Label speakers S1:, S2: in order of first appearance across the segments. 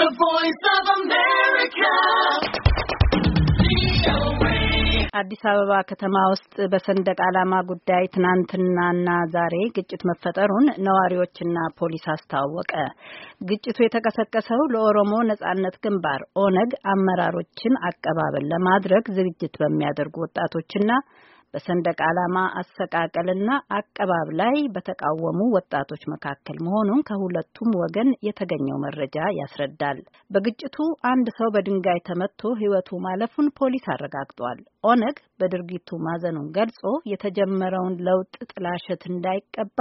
S1: The Voice of America. አዲስ አበባ ከተማ ውስጥ በሰንደቅ ዓላማ ጉዳይ ትናንትናና ዛሬ ግጭት መፈጠሩን ነዋሪዎችና ፖሊስ አስታወቀ። ግጭቱ የተቀሰቀሰው ለኦሮሞ ነጻነት ግንባር ኦነግ አመራሮችን አቀባበል ለማድረግ ዝግጅት በሚያደርጉ ወጣቶችና በሰንደቅ ዓላማ አሰቃቀልና አቀባብ ላይ በተቃወሙ ወጣቶች መካከል መሆኑን ከሁለቱም ወገን የተገኘው መረጃ ያስረዳል። በግጭቱ አንድ ሰው በድንጋይ ተመትቶ ሕይወቱ ማለፉን ፖሊስ አረጋግጧል። ኦነግ በድርጊቱ ማዘኑን ገልጾ የተጀመረውን ለውጥ ጥላሸት እንዳይቀባ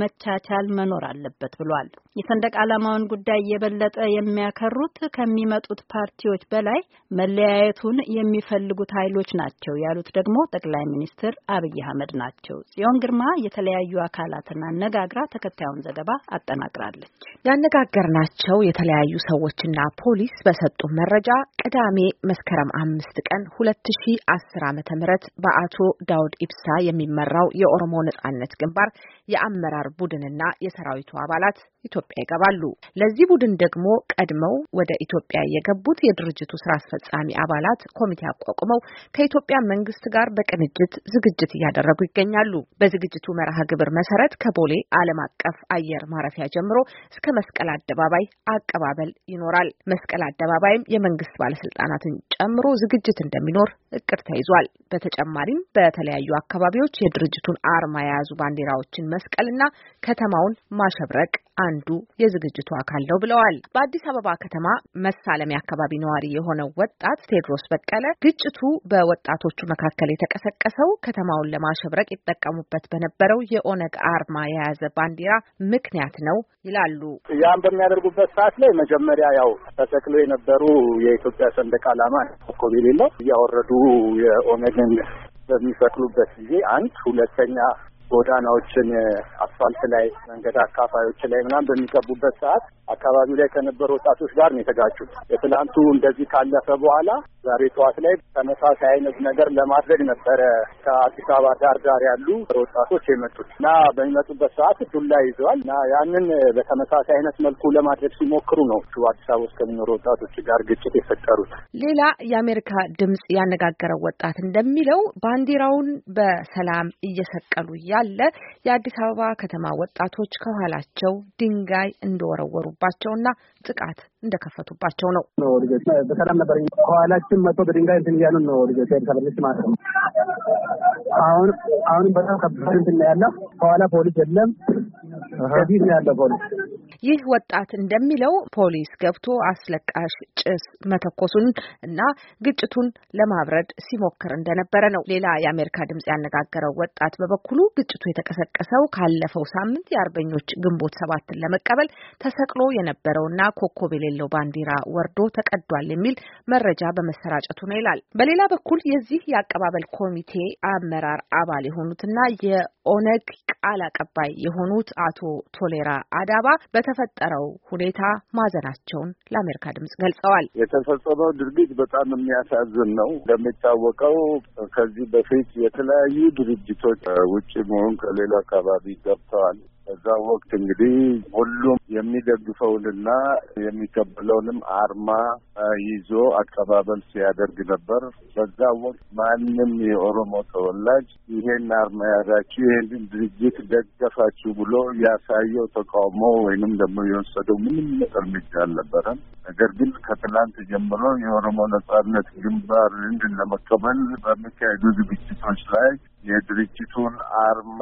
S1: መቻቻል መኖር አለበት ብሏል። የሰንደቅ ዓላማውን ጉዳይ የበለጠ የሚያከሩት ከሚመጡት ፓርቲዎች በላይ መለያየቱን የሚፈልጉት ኃይሎች ናቸው ያሉት ደግሞ ጠቅላይ ሚኒስትር አብይ አህመድ ናቸው። ጽዮን ግርማ የተለያዩ አካላትን አነጋግራ ተከታዩን ዘገባ አጠናቅራለች። ያነጋገርናቸው የተለያዩ
S2: ሰዎችና ፖሊስ በሰጡ መረጃ ቅዳሜ መስከረም አምስት ቀን ሁለት ሺ 2010 ዓመተ ምህረት በአቶ ዳውድ ኢብሳ የሚመራው የኦሮሞ ነጻነት ግንባር የአመራር ቡድንና የሰራዊቱ አባላት ኢትዮጵያ ይገባሉ። ለዚህ ቡድን ደግሞ ቀድመው ወደ ኢትዮጵያ የገቡት የድርጅቱ ስራ አስፈጻሚ አባላት ኮሚቴ አቋቁመው ከኢትዮጵያ መንግስት ጋር በቅንጅት ዝግጅት እያደረጉ ይገኛሉ። በዝግጅቱ መርሃ ግብር መሰረት ከቦሌ ዓለም አቀፍ አየር ማረፊያ ጀምሮ እስከ መስቀል አደባባይ አቀባበል ይኖራል። መስቀል አደባባይም የመንግስት ባለስልጣናትን ጨምሮ ዝግጅት እንደሚኖር እቅድ ተይዟል። በተጨማሪም በተለያዩ አካባቢዎች የድርጅቱን አርማ የያዙ ባንዲራዎችን መስቀልና ከተማውን ማሸብረቅ አ። አንዱ የዝግጅቱ አካል ነው ብለዋል። በአዲስ አበባ ከተማ መሳለሚያ አካባቢ ነዋሪ የሆነው ወጣት ቴድሮስ በቀለ ግጭቱ በወጣቶቹ መካከል የተቀሰቀሰው ከተማውን ለማሸብረቅ ይጠቀሙበት በነበረው የኦነግ አርማ የያዘ ባንዲራ ምክንያት ነው ይላሉ።
S3: ያን በሚያደርጉበት ሰዓት ላይ መጀመሪያ ያው ተሰቅሎ የነበሩ የኢትዮጵያ ሰንደቅ ዓላማ ኮብ የሌለው እያወረዱ የኦነግን በሚሰቅሉበት ጊዜ አንድ ሁለተኛ ጎዳናዎችን፣ አስፋልት ላይ መንገድ አካፋዮች ላይ ምናምን በሚቀቡበት ሰዓት አካባቢው ላይ ከነበሩ ወጣቶች ጋር ነው የተጋጩት። የትላንቱ እንደዚህ ካለፈ በኋላ ዛሬ ጠዋት ላይ ተመሳሳይ አይነት ነገር ለማድረግ ነበረ ከአዲስ አበባ ዳር ዳር ያሉ ወጣቶች የመጡት እና በሚመጡበት ሰዓት ዱላ ይዘዋል እና ያንን በተመሳሳይ አይነት መልኩ ለማድረግ ሲሞክሩ ነው አዲስ አበባ ውስጥ ከሚኖሩ ወጣቶች ጋር ግጭት የፈጠሩት።
S2: ሌላ የአሜሪካ ድምጽ ያነጋገረው ወጣት እንደሚለው ባንዲራውን በሰላም እየሰቀሉ ያለ የአዲስ አበባ ከተማ ወጣቶች ከኋላቸው ድንጋይ እንደወረወሩባቸውና ጥቃት እንደከፈቱባቸው ነው።
S3: በሰላም ነበር ከኋላችን መጥቶ በድንጋይ እንትን እያሉ ነው። አሁን አሁንም በጣም ከባድ እንትን ያለ ከኋላ ፖሊስ የለም ከዚህ ነው ያለው ፖሊስ
S2: ይህ ወጣት እንደሚለው ፖሊስ ገብቶ አስለቃሽ ጭስ መተኮሱን እና ግጭቱን ለማብረድ ሲሞክር እንደነበረ ነው። ሌላ የአሜሪካ ድምጽ ያነጋገረው ወጣት በበኩሉ ግጭቱ የተቀሰቀሰው ካለፈው ሳምንት የአርበኞች ግንቦት ሰባትን ለመቀበል ተሰቅሎ የነበረውና ኮከብ የሌለው ባንዲራ ወርዶ ተቀዷል የሚል መረጃ በመሰራጨቱ ነው ይላል። በሌላ በኩል የዚህ የአቀባበል ኮሚቴ አመራር አባል የሆኑትና የኦነግ ቃል አቀባይ የሆኑት አቶ ቶሌራ አዳባ በተፈጠረው ሁኔታ ማዘናቸውን ለአሜሪካ ድምጽ
S4: ገልጸዋል። የተፈጸመው ድርጊት በጣም የሚያሳዝን ነው። እንደሚታወቀው ከዚህ በፊት የተለያዩ ድርጅቶች ውጭ መሆን ከሌላ አካባቢ ገብተዋል። በዛ ወቅት እንግዲህ ሁሉም የሚደግፈውንና የሚቀበለውንም አርማ ይዞ አቀባበል ሲያደርግ ነበር። በዛ ወቅት ማንም የኦሮሞ ተወላጅ ይሄን አርማ ያዛችሁ፣ ይሄንን ድርጅት ደገፋችሁ ብሎ ያሳየው ተቃውሞ ወይንም ደግሞ የወሰደው ምንም እርምጃ አልነበረም። ነገር ግን ከትላንት ጀምሮ የኦሮሞ ነጻነት ግንባር እንድን ለመቀበል በሚካሄዱ ዝግጅቶች ላይ የድርጅቱን አርማ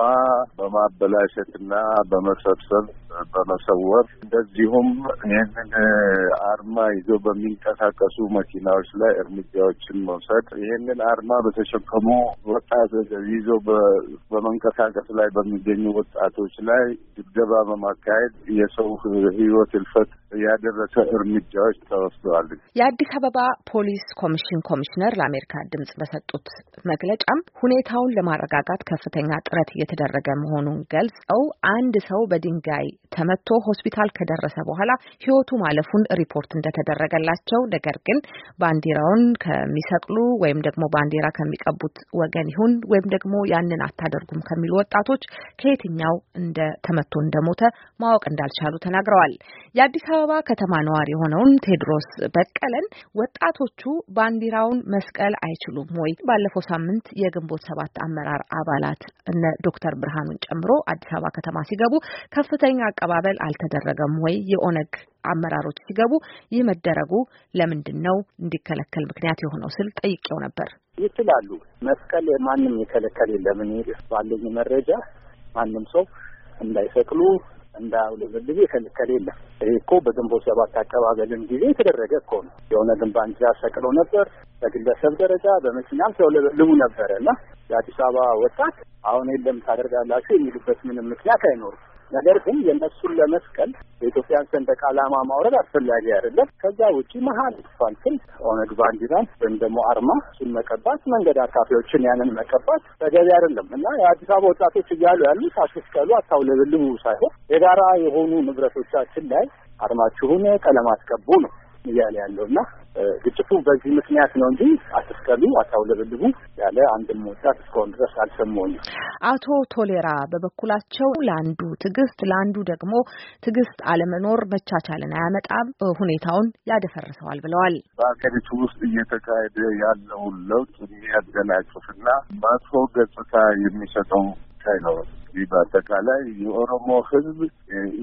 S4: በማበላሸትና በመሰብሰብ በመሰወር እንደዚሁም ይህንን አርማ ይዞ በሚንቀሳቀሱ መኪናዎች ላይ እርምጃዎችን መውሰድ ይህንን አርማ በተሸከሙ ወጣት ይዞ በመንቀሳቀስ ላይ በሚገኙ ወጣቶች ላይ ድብደባ በማካሄድ የሰው ሕይወት እልፈት ያደረሰ እርምጃዎች ተወስደዋል።
S2: የአዲስ አበባ ፖሊስ ኮሚሽን ኮሚሽነር ለአሜሪካ ድምጽ በሰጡት መግለጫም ሁኔታውን ለማረጋጋት ከፍተኛ ጥረት እየተደረገ መሆኑን ገልጸው አንድ ሰው በድንጋይ ተመቶ ሆስፒታል ከደረሰ በኋላ ህይወቱ ማለፉን ሪፖርት እንደተደረገላቸው፣ ነገር ግን ባንዲራውን ከሚሰቅሉ ወይም ደግሞ ባንዲራ ከሚቀቡት ወገን ይሁን ወይም ደግሞ ያንን አታደርጉም ከሚሉ ወጣቶች ከየትኛው እንደ ተመቶ እንደሞተ ማወቅ እንዳልቻሉ ተናግረዋል። የአዲስ አበባ ከተማ ነዋሪ የሆነውን ቴድሮስ በቀለን ወጣቶቹ ባንዲራውን መስቀል አይችሉም ወይ? ባለፈው ሳምንት የግንቦት ሰባት አመራር አባላት እነ ዶክተር ብርሃኑን ጨምሮ አዲስ አበባ ከተማ ሲገቡ ከፍተኛ አቀባበል አልተደረገም ወይ? የኦነግ አመራሮች ሲገቡ ይህ መደረጉ ለምንድን ነው እንዲከለከል ምክንያት የሆነው ስል ጠይቄው ነበር።
S3: ይችላሉ መስቀል ማንም የከለከል የለም። ባለኝ መረጃ ማንም ሰው እንዳይሰቅሉ እንዳያውለበልቡ የከለከል የለም። ይህ እኮ በግንቦት ሰባት አቀባበልን ጊዜ የተደረገ እኮ ነው። የኦነግን ባንዲራ ሰቅሎ ነበር። በግለሰብ ደረጃ በመኪናም ሲያውለበልቡ ነበረ እና የአዲስ አበባ ወጣት አሁን የለም ታደርጋላችሁ የሚሉበት ምንም ምክንያት አይኖርም። ነገር ግን የእነሱን ለመስቀል የኢትዮጵያን ሰንደቅ ዓላማ ማውረድ አስፈላጊ አይደለም። ከዛ ውጭ መሀል ስፋልፍል ኦነግ ባንዲራን ወይም ደግሞ አርማ እሱን መቀባት መንገድ አካፊዎችን ያንን መቀባት ተገቢ አይደለም እና የአዲስ አበባ ወጣቶች እያሉ ያሉት አትስቀሉ፣ አታውለብልቡ ሳይሆን የጋራ የሆኑ ንብረቶቻችን ላይ አርማችሁን ቀለም አስቀቡ ነው እያለ ያለው እና ግጭቱ በዚህ ምክንያት ነው እንጂ አትስቀሉ አታውለበልቡ ያለ አንድም ወጣት እስካሁን ድረስ አልሰማሁኝም።
S2: አቶ ቶሌራ በበኩላቸው ለአንዱ ትዕግስት ለአንዱ ደግሞ ትዕግስት አለመኖር መቻቻልን አያመጣም፣ ሁኔታውን ያደፈርሰዋል
S4: ብለዋል። በሀገሪቱ ውስጥ እየተካሄደ ያለውን ለውጥ የሚያደናቅፍና መጥፎ ገጽታ የሚሰጠው ነው። በአጠቃላይ የኦሮሞ ሕዝብ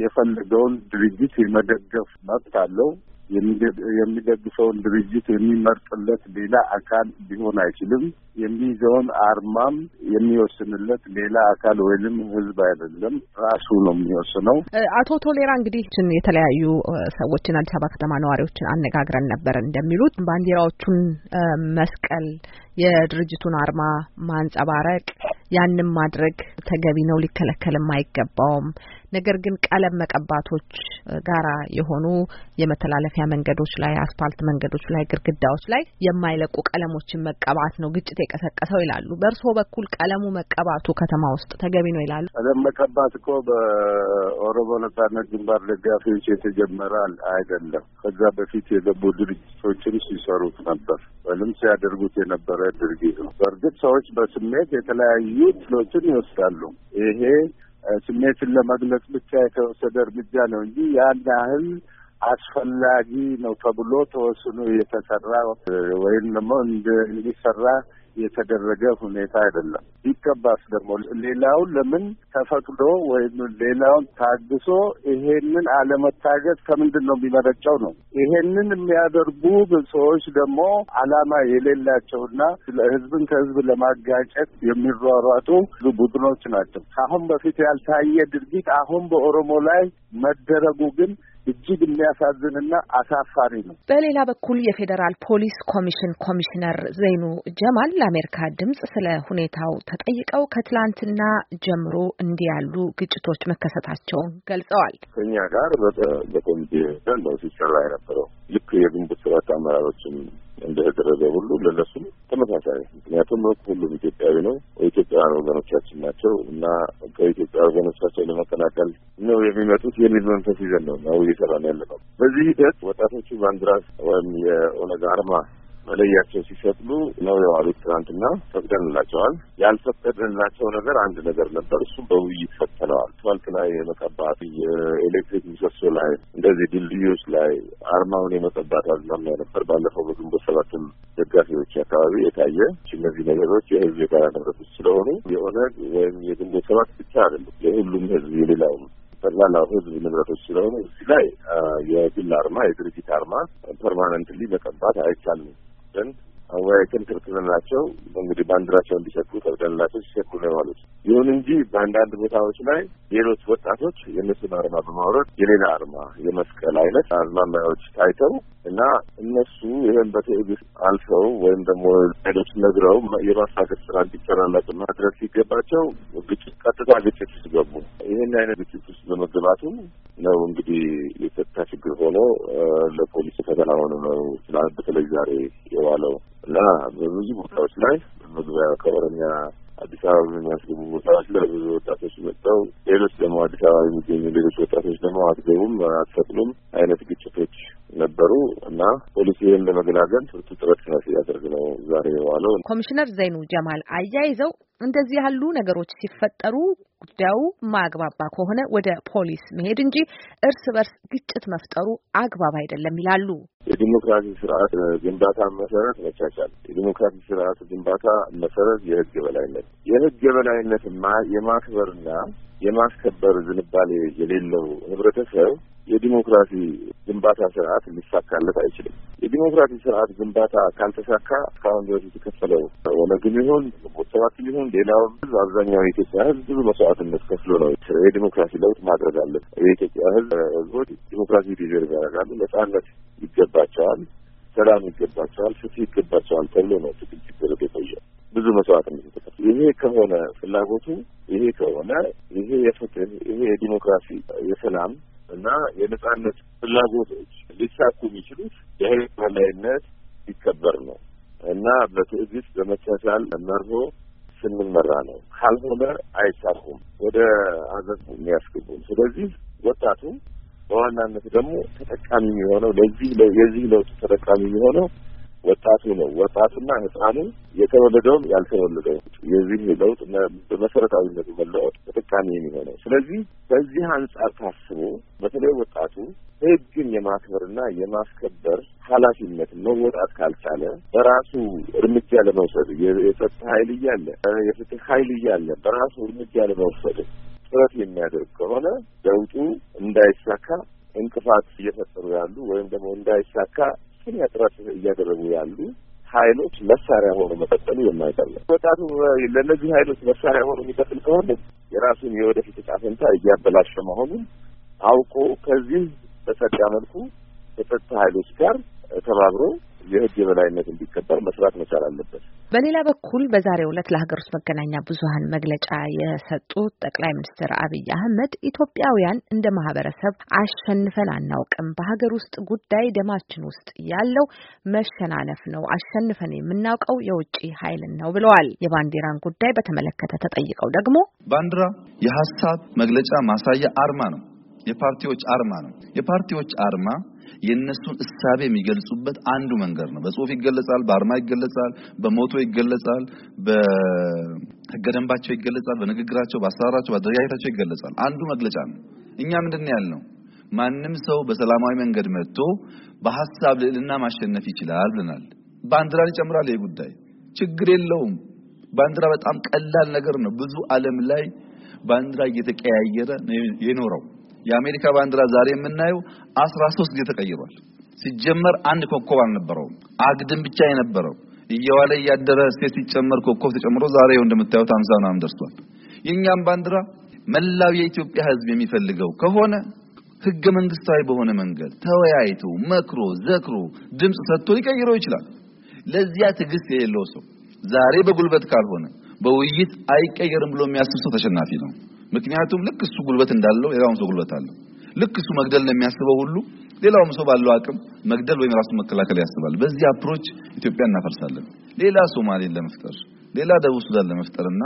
S4: የፈለገውን ድርጅት የመደገፍ መብት አለው። የሚደግፈውን ድርጅት የሚመርጥለት ሌላ አካል ሊሆን አይችልም። የሚይዘውን አርማም የሚወስንለት ሌላ አካል ወይንም ህዝብ አይደለም፣ ራሱ ነው የሚወስነው።
S2: አቶ ቶሌራ እንግዲህ የተለያዩ ሰዎችን አዲስ አበባ ከተማ ነዋሪዎችን አነጋግረን ነበር። እንደሚሉት ባንዲራዎቹን መስቀል፣ የድርጅቱን አርማ ማንጸባረቅ፣ ያንም ማድረግ ተገቢ ነው፣ ሊከለከልም አይገባውም ነገር ግን ቀለም መቀባቶች ጋራ የሆኑ የመተላለፊያ መንገዶች ላይ፣ አስፋልት መንገዶች ላይ፣ ግድግዳዎች ላይ የማይለቁ ቀለሞችን መቀባት ነው ግጭት የቀሰቀሰው ይላሉ። በእርስዎ በኩል ቀለሙ መቀባቱ ከተማ ውስጥ ተገቢ ነው ይላሉ?
S4: ቀለም መቀባት እኮ በኦሮሞ ነጻነት ግንባር ደጋፊዎች የተጀመረ አይደለም። ከዛ በፊት የገቡ ድርጅቶችም ሲሰሩት ነበር ወይም ሲያደርጉት የነበረ ድርጊት ነው። በእርግጥ ሰዎች በስሜት የተለያዩ ትሎችን ይወስዳሉ። ይሄ ስሜትን ለመግለጽ ብቻ የተወሰደ እርምጃ ነው እንጂ ያን ያህል አስፈላጊ ነው ተብሎ ተወስኖ የተሰራ ወይም ደግሞ እንዲሰራ የተደረገ ሁኔታ አይደለም። ቢገባስ ደግሞ ሌላውን ለምን ተፈቅዶ ወይም ሌላውን ታግሶ ይሄንን አለመታገስ ከምንድን ነው የሚመረጨው ነው። ይሄንን የሚያደርጉ ሰዎች ደግሞ አላማ የሌላቸውና ህዝብን ከህዝብ ለማጋጨት የሚሯሯጡ ቡድኖች ናቸው። ከአሁን በፊት ያልታየ ድርጊት አሁን በኦሮሞ ላይ መደረጉ ግን እጅግ የሚያሳዝንና አሳፋሪ
S3: ነው።
S2: በሌላ በኩል የፌዴራል ፖሊስ ኮሚሽን ኮሚሽነር ዘይኑ ጀማል ለአሜሪካ ድምጽ ስለ ሁኔታው ተጠይቀው ከትላንትና ጀምሮ እንዲህ ያሉ ግጭቶች መከሰታቸውን
S4: ገልጸዋል። ከኛ ጋር በኮሚቴ ሲሰራ የነበረው ልክ የግንቦት ሰባት አመራሮችን እንደተደረገ ሁሉ ለነሱም ተመሳሳይ። ምክንያቱም ሁሉም ኢትዮጵያዊ ነው፣ ኢትዮጵያውያን ወገኖቻችን ናቸው እና ከኢትዮጵያ ወገኖቻቸው ለመቀላቀል ነው የሚመጡት የሚል መንፈስ ይዘን ነው ነው እየሰራ ነው ያለ ነው። በዚህ ሂደት ወጣቶቹ ባንዲራ ወይም የኦነግ አርማ መለያቸው ሲሰጥሉ ነው የዋሉት። ትናንትና ፈቅደንላቸዋል። ያልፈቀድንላቸው ነገር አንድ ነገር ነበር። እሱም በውይይት ፈተነዋል። ትዋልክ ላይ የመቀባት የኤሌክትሪክ ምሰሶ ላይ እንደዚህ ድልድዮች ላይ አርማውን የመቀባት አዝማሚያ ነበር። ባለፈው በግንቦት ሰባትም ደጋፊዎች አካባቢ የታየ እነዚህ ነገሮች የህዝብ የጋራ ንብረቶች ስለሆኑ የኦነግ ወይም የግንቦት ሰባት ብቻ አይደሉም፣ የሁሉም ህዝብ የሌላውም ጠቅላላው ህዝብ ንብረቶች ስለሆኑ እዚህ ላይ የግል አርማ የድርጅት አርማ ፐርማነንትሊ መቀባት አይቻልም። ሰጥተን አወያይተን ክርክርናቸው እንግዲህ ባንዲራቸው እንዲሰኩ ጠብደንላቸው ሲሰኩ ነው የዋሉት። ይሁን እንጂ በአንዳንድ ቦታዎች ላይ ሌሎች ወጣቶች የእነሱን አርማ በማውረድ የሌላ አርማ የመስቀል አይነት አዝማሚያዎች ታይተው እና እነሱ ይህን በትዕግስት አልፈው ወይም ደግሞ ሌሎች ነግረው የማስታገስ ስራ እንዲሰራላቸው ማድረግ ሲገባቸው ግጭት ቀጥታ ግጭት ሲገቡ ይህን አይነት ግጭት ውስጥ በመግባቱ ነው እንግዲህ የጸጥታ ችግር ሆኖ ለፖሊስ ፈተና ሆኖ ነው ትናንት በተለይ ዛሬ የዋለው እና በብዙ ቦታዎች ላይ መግቢያ ከኦሮሚያ አዲስ አበባ የሚያስገቡ ቦታዎች ላይ ብዙ ወጣቶች መጥተው ሌሎች ደግሞ አዲስ አበባ የሚገኙ ሌሎች ወጣቶች ደግሞ አትገቡም፣ አትፈቅሉም አይነት ግጭቶች ነበሩ እና ፖሊሲ ይህን ለመገላገል ብርቱ ጥረት ሲያደርግ ነው ዛሬ የዋለው።
S2: ኮሚሽነር ዘይኑ ጀማል አያይዘው እንደዚህ ያሉ ነገሮች ሲፈጠሩ ጉዳዩ ማግባባ ከሆነ ወደ ፖሊስ መሄድ እንጂ እርስ በርስ ግጭት መፍጠሩ አግባብ አይደለም ይላሉ።
S4: የዲሞክራሲ ስርዓት ግንባታ መሰረት መቻቻል፣ የዲሞክራሲ ስርዓት ግንባታ መሰረት የህግ የበላይነት፣ የህግ የበላይነት የማክበርና የማስከበር ዝንባሌ የሌለው ህብረተሰብ የዲሞክራሲ ግንባታ ስርዓት ሊሳካለት አይችልም። የዲሞክራሲ ስርዓት ግንባታ ካልተሳካ እስካሁን ድረስ የተከፈለው ኦነግም ይሁን ቦሰባትም ይሁን ሌላውም ህዝብ አብዛኛው የኢትዮጵያ ህዝብ ብዙ መስዋዕትነት ከፍሎ ነው የዲሞክራሲ ለውጥ ማድረግ አለን። የኢትዮጵያ ህዝብ ህዝቦች ዲሞክራሲ ዲዘርቭ ያደርጋሉ፣ ነጻነት ይገባቸዋል፣ ሰላም ይገባቸዋል፣ ፍትህ ይገባቸዋል ተብሎ ነው ትግል ሲደረግ የቆየ ብዙ መስዋዕትነት የተከፈለ ይሄ ከሆነ ፍላጎቱ ይሄ ከሆነ ይሄ የፍትህ ይሄ የዲሞክራሲ የሰላም እና የነጻነት ፍላጎቶች ሊሳኩ የሚችሉት የህግ በላይነት ሲከበር ነው እና በትዕግስት በመቻቻል መርሆ ስንመራ ነው። ካልሆነ አይሳኩም፣ ወደ አዘቅት የሚያስገቡን። ስለዚህ ወጣቱ በዋናነት ደግሞ ተጠቃሚ የሚሆነው ለዚህ የዚህ ለውጥ ተጠቃሚ የሚሆነው ወጣቱ ነው ወጣቱና ህፃኑ የተወለደውም ያልተወለደው የዚህ ለውጥ በመሰረታዊነቱ መለወጥ ተጠቃሚ የሚሆነው ስለዚህ በዚህ አንጻር ታስቦ በተለይ ወጣቱ ህግን የማክበርና የማስከበር ኃላፊነት መወጣት ካልቻለ በራሱ እርምጃ ለመውሰድ የጸጥታ ኃይል እያለ የፍትህ ኃይል እያለ በራሱ እርምጃ ለመውሰድ ጥረት የሚያደርግ ከሆነ ለውጡ እንዳይሳካ እንቅፋት እየፈጠሩ ያሉ ወይም ደግሞ እንዳይሳካ ከፍተኛ ጥረት እያደረጉ ያሉ ኃይሎች መሳሪያ ሆኖ መቀጠሉ የማይቀር ነው። ወጣቱ ለእነዚህ ኃይሎች መሳሪያ ሆኖ የሚቀጥል ከሆነ የራሱን የወደፊት ዕጣ ፈንታ እያበላሸ መሆኑን አውቆ ከዚህ በጸዳ መልኩ የጸጥታ ኃይሎች ጋር ተባብሮ የህግ የበላይነት እንዲከበር መስራት መቻል አለበት።
S2: በሌላ በኩል በዛሬ ዕለት ለሀገር ውስጥ መገናኛ ብዙኃን መግለጫ የሰጡት ጠቅላይ ሚኒስትር አብይ አህመድ ኢትዮጵያውያን እንደ ማህበረሰብ አሸንፈን አናውቅም፣ በሀገር ውስጥ ጉዳይ ደማችን ውስጥ ያለው መሸናነፍ ነው፣ አሸንፈን የምናውቀው የውጭ ኃይልን ነው ብለዋል። የባንዲራን ጉዳይ በተመለከተ ተጠይቀው ደግሞ
S5: ባንዲራ የሀሳብ መግለጫ ማሳያ አርማ ነው የፓርቲዎች አርማ ነው። የፓርቲዎች አርማ የእነሱን እሳቤ የሚገልጹበት አንዱ መንገድ ነው። በጽሁፍ ይገለጻል፣ በአርማ ይገለጻል፣ በሞቶ ይገለጻል፣ በህገ ደንባቸው ይገለጻል፣ በንግግራቸው፣ በአሰራራቸው፣ በአደረጃጀታቸው ይገለጻል። አንዱ መግለጫ ነው። እኛ ምንድን ነው ያልነው? ማንም ሰው በሰላማዊ መንገድ መጥቶ በሀሳብ ልዕልና ማሸነፍ ይችላል ብለናል። ባንዲራን ይጨምራል። ይህ ጉዳይ ችግር የለውም። ባንዲራ በጣም ቀላል ነገር ነው። ብዙ ዓለም ላይ ባንዲራ እየተቀያየረ የኖረው የአሜሪካ ባንዲራ ዛሬ የምናየው 13 ጊዜ ተቀይሯል። ሲጀመር አንድ ኮከብ አልነበረውም። አግድም ብቻ የነበረው እየዋለ እያደረ ሴት ሲጨመር ኮከብ ተጨምሮ ዛሬ እንደምታዩት 50 ምናምን ደርሷል። የእኛም ባንዲራ መላው የኢትዮጵያ ሕዝብ የሚፈልገው ከሆነ ህገ መንግስታዊ በሆነ መንገድ ተወያይቶ መክሮ ዘክሮ ድምፅ ሰጥቶ ሊቀይረው ይችላል። ለዚያ ትዕግስት የሌለው ሰው ዛሬ በጉልበት ካልሆነ በውይይት አይቀየርም ብሎ የሚያስብ ሰው ተሸናፊ ነው። ምክንያቱም ልክ እሱ ጉልበት እንዳለው ሌላውም ሰው ጉልበት አለው። ልክ እሱ መግደል ነው የሚያስበው ሁሉ ሌላውም ሰው ባለው አቅም መግደል ወይም ራሱን መከላከል ያስባል። በዚህ አፕሮች ኢትዮጵያ እናፈርሳለን። ሌላ ሶማሌን ለመፍጠር ሌላ ደቡብ ሱዳን ለመፍጠርና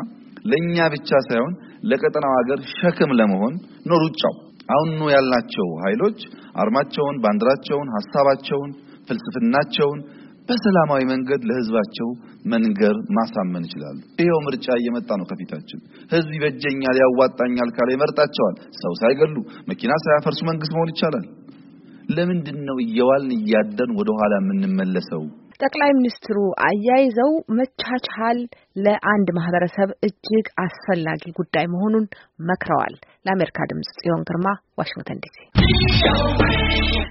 S5: ለኛ ብቻ ሳይሆን ለቀጠናው ሀገር ሸክም ለመሆን ነው ሩጫው። አሁን ነው ያላቸው ኃይሎች አርማቸውን፣ ባንዲራቸውን፣ ሀሳባቸውን፣ ፍልስፍናቸውን፣ በሰላማዊ መንገድ ለህዝባቸው መንገር ማሳመን ይችላሉ። ይሄው ምርጫ እየመጣ ነው ከፊታችን። ህዝብ ይበጀኛል፣ ያዋጣኛል ካለ ይመርጣቸዋል። ሰው ሳይገሉ መኪና ሳያፈርሱ መንግስት መሆን ይቻላል። ለምንድን ነው እየዋልን እያደን ኋላ የምንመለሰው?
S2: ጠቅላይ ሚኒስትሩ አያይዘው መቻቻል ለአንድ ማህበረሰብ እጅግ አስፈላጊ ጉዳይ መሆኑን መክረዋል። ለአሜሪካ ድምጽ ጽዮን ግርማ ዋሽንግተን ዲሲ